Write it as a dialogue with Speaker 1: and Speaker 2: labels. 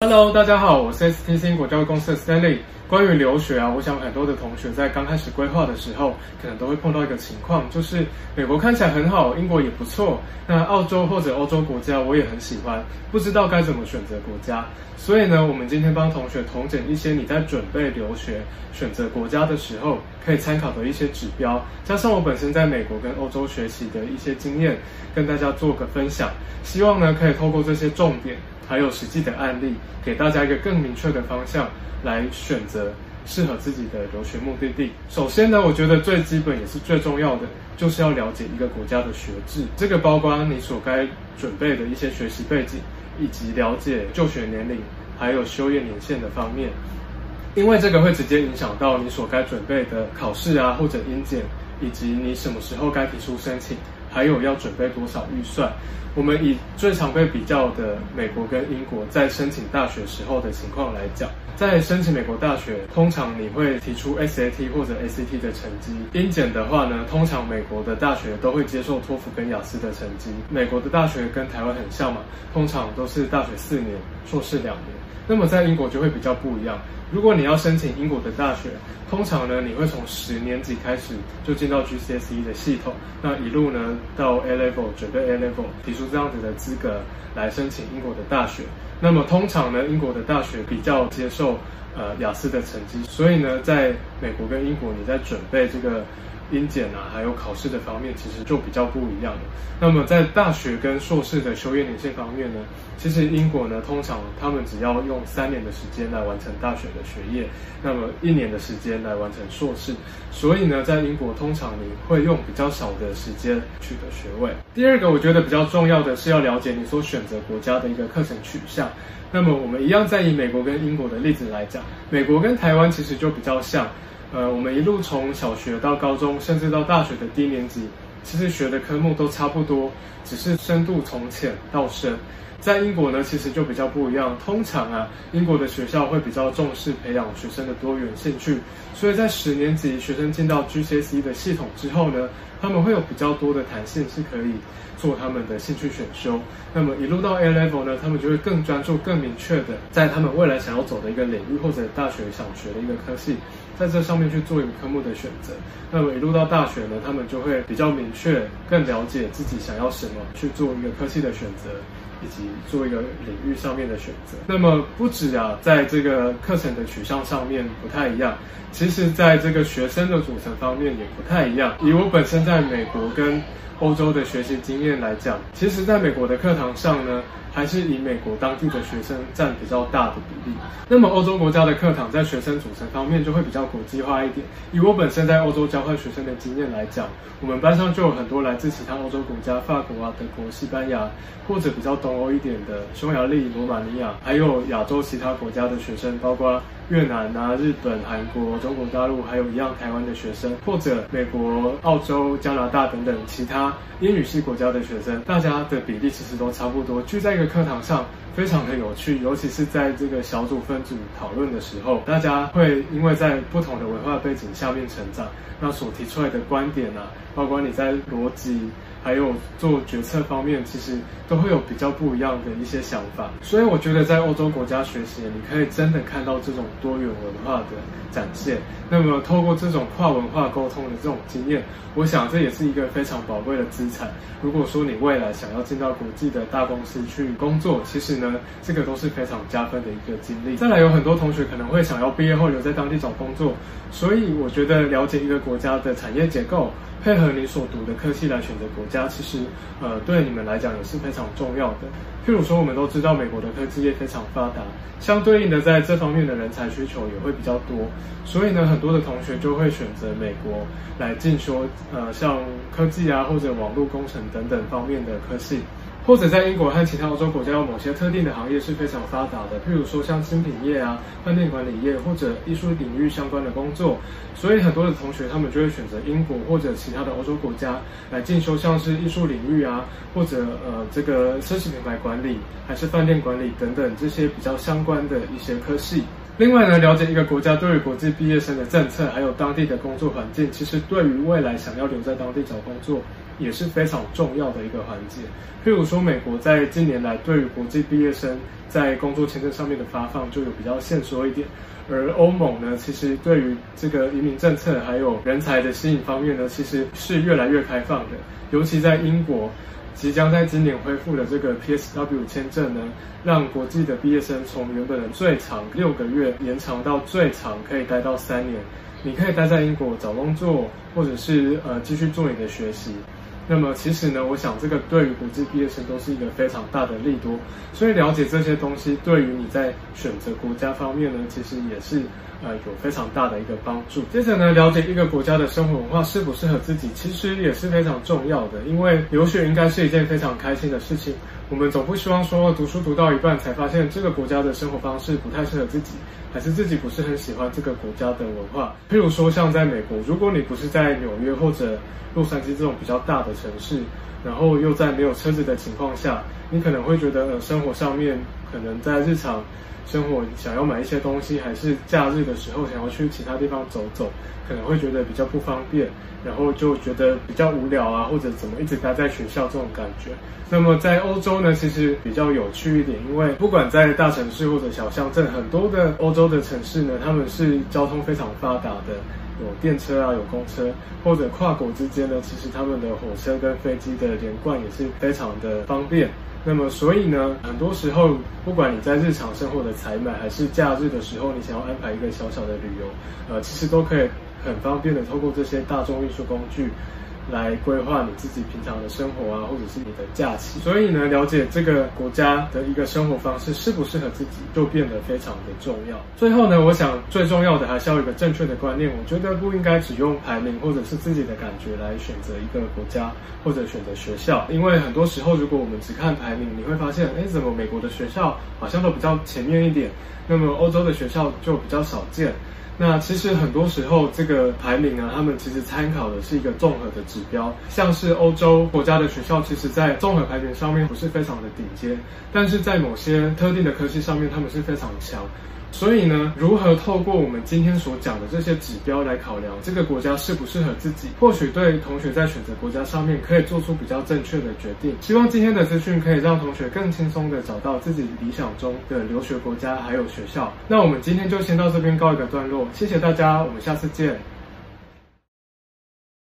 Speaker 1: Hello，大家好，我是 STC 國際公司的 Stanley。關於留學啊，我想很多的同學在剛開始規劃的時候，可能都會碰到一個情況，就是美國看起來很好，英國也不錯，那澳洲或者歐洲國家我也很喜歡，不知道該怎麼選擇國家。所以呢，我們今天幫同學統整一些你在準備留學選擇國家的時候可以參考的一些指標，加上我本身在美國跟歐洲學習的一些經驗，跟大家做個分享。希望呢，可以透過這些重點，還有實際的案例。給大家一個更明確的方向來選擇適合自己的留學目的地。首先呢，我覺得最基本也是最重要的，就是要了解一個國家的學制，這個包括你所該準備的一些學習背景，以及了解就學年齡，還有修業年限的方面。因為這個會直接影響到你所該準備的考試啊，或者英檢，以及你什麼時候該提出申請，還有要準備多少預算。我們以最常被比較的美國跟英國在申請大學時候的情況來講，在申請美國大學，通常你會提出 SAT 或者 ACT 的成績。英檢的話呢，通常美國的大學都會接受托福跟雅思的成績。美國的大學跟台灣很像嘛，通常都是大學四年，碩士兩年。那麼在英國就會比較不一樣。如果你要申請英國的大學，通常呢，你會從十年級開始就進到 GCSE 的系統，那一路呢到 A Level，準備 A Level，提出。這樣子的資格來申請英國的大學，那麼通常呢，英國的大學比較接受呃雅思的成績，所以呢，在美國跟英國，你在準備這個。英檢啊，還有考試的方面，其實就比較不一樣。那麼在大學跟碩士的修業年限方面呢，其實英國呢，通常他們只要用三年的時間來完成大學的學業，那麼一年的時間來完成碩士。所以呢，在英國通常你會用比較少的時間取得學位。第二個，我覺得比較重要的是要了解你所選擇國家的一個課程取向。那麼我們一樣在以美國跟英國的例子來講，美國跟台灣其實就比較像。呃，我們一路從小學到高中，甚至到大學的低年級，其實學的科目都差不多，只是深度從淺到深。在英國呢，其實就比較不一樣。通常啊，英國的學校會比較重視培養學生的多元興趣，所以在十年級學生進到 GCSE 的系統之後呢，他們會有比較多的彈性，是可以做他們的興趣選修。那麼一路到 A Level 呢，他們就會更專注、更明確的在他們未來想要走的一個領域或者大學想學的一個科系。在這上面去做一個科目的選擇，那麼一路到大學呢，他們就會比較明確，更了解自己想要什麼，去做一個科系的選擇。以及做一個領域上面的選擇，那麼不只啊，在這個課程的取向上面不太一樣，其實在這個學生的組成方面也不太一樣。以我本身在美國跟歐洲的學習經驗來講，其實在美國的課堂上呢，還是以美國當地的學生佔比較大的比例。那麼歐洲國家的課堂在學生組成方面就會比較國際化一點。以我本身在歐洲交換學生的經驗來講，我們班上就有很多來自其他歐洲國家，法國啊、德國、西班牙或者比較東東歐一點的匈牙利、羅馬尼亞，還有亞洲其他國家的學生，包括，越南啊，日本、韓國、中國大陸，還有一樣台灣的學生，或者美國、澳洲、加拿大等等其他英語系國家的學生，大家的比例其實都差不多，聚在一個課堂上，非常的有趣。尤其是在這個小組分組討論的時候，大家會因為在不同的文化背景下面成長，那所提出來的觀點啊，包括你在邏輯，還有做決策方面，其實都會有比較不一樣的一些想法。所以我覺得在歐洲國家學習，你可以真的看到這種。多元文化的展現，那麼透過這種跨文化溝通的這種經驗，我想這也是一個非常寶貴的資產。如果說你未來想要進到國際的大公司去工作，其實呢，這個都是非常加分的一個經歷。再來，有很多同學可能會想要畢業後留在當地找工作，所以我覺得了解一個國家的產業結構，配合你所讀的科系來選擇國家，其實呃對你們來講也是非常重要的。譬如說，我們都知道美國的科技業非常發達，相對應的，在這方面的人才。需求也會比較多，所以呢，很多的同學就會選擇美國來進修，呃，像科技啊或者網絡工程等等方面的科系，或者在英國和其他歐洲國家，有某些特定的行業是非常發達的，譬如說像精品業啊、飯店管理業或者藝術領域相關的工作，所以很多的同學他們就會選擇英國或者其他的歐洲國家來進修，像是藝術領域啊或者呃這個奢侈品牌管理還是飯店管理等等這些比較相關的一些科系。另外呢，了解一個國家對於國際畢業生的政策，還有當地的工作環境，其實對於未來想要留在當地找工作也是非常重要的一個環節。譬如說，美國在近年來對於國際畢業生在工作簽證上面的發放就有比較限縮一點，而歐盟呢，其實對於這個移民政策還有人才的吸引方面呢，其實是越來越開放的，尤其在英國。即將在今年恢復的這個 PSW 簽證呢，讓國際的畢業生從原本的最長六個月延長到最長可以待到三年。你可以待在英國找工作，或者是呃繼續做你的學習。那麼其實呢，我想這個對於國際畢業生都是一個非常大的利多，所以了解這些東西對於你在選擇國家方面呢，其實也是呃有非常大的一個幫助。接着呢，了解一個國家的生活文化適不適合自己，其實也是非常重要的。因為留學應該是一件非常開心的事情，我們總不希望說讀書讀到一半才發現這個國家的生活方式不太適合自己。還是自己不是很喜歡這個國家的文化，譬如說像在美國，如果你不是在紐約或者洛杉磯這種比較大的城市，然後又在沒有車子的情況下，你可能會覺得，呃，生活上面。可能在日常生活想要買一些東西，還是假日的時候想要去其他地方走走，可能會覺得比較不方便，然後就覺得比較無聊啊，或者怎麼一直待在學校這種感覺。那麼在歐洲呢，其實比較有趣一點，因為不管在大城市或者小鄉鎮，很多的歐洲的城市呢，他們是交通非常發達的。有電車啊，有公車，或者跨國之間呢，其實他們的火車跟飛機的連貫也是非常的方便。那麼，所以呢，很多時候，不管你在日常生活的採買，還是假日的時候，你想要安排一個小小的旅遊，呃，其實都可以很方便的透過這些大眾運輸工具。來規劃你自己平常的生活啊，或者是你的假期。所以呢，了解這個國家的一個生活方式適不適合自己，就變得非常的重要。最後呢，我想最重要的還是要有一個正確的觀念。我覺得不應該只用排名或者是自己的感覺來選擇一個國家或者選擇學校，因為很多時候如果我們只看排名，你會發現，哎，怎麼美國的學校好像都比較前面一點，那麼歐洲的學校就比較少見。那其實很多時候，這個排名呢、啊，他們其實參考的是一個綜合的指標。像是歐洲國家的學校，其實在綜合排名上面不是非常的頂尖，但是在某些特定的科系上面，他們是非常強。所以呢，如何透過我們今天所講的這些指標來考量這個國家適不適合自己，或許對同學在選擇國家上面可以做出比較正確的決定。希望今天的資訊可以讓同學更輕鬆地找到自己理想中的留學國家還有學校。那我們今天就先到這邊告一個段落，謝謝大家，我們下次見。